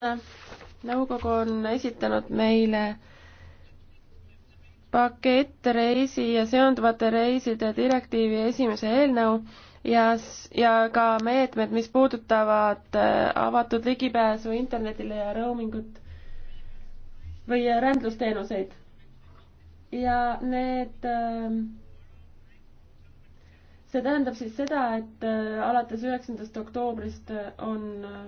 nõukogu on esitanud meile pakettreisi ja seonduvate reiside direktiivi esimese eelnõu ja, ja ka meetmed, mis puudutavad äh, avatud ligipääsu internetile ja roomingut või äh, rändlusteenuseid. ja need äh, see tähendab siis seda, et äh, alates üheksandast oktoobrist on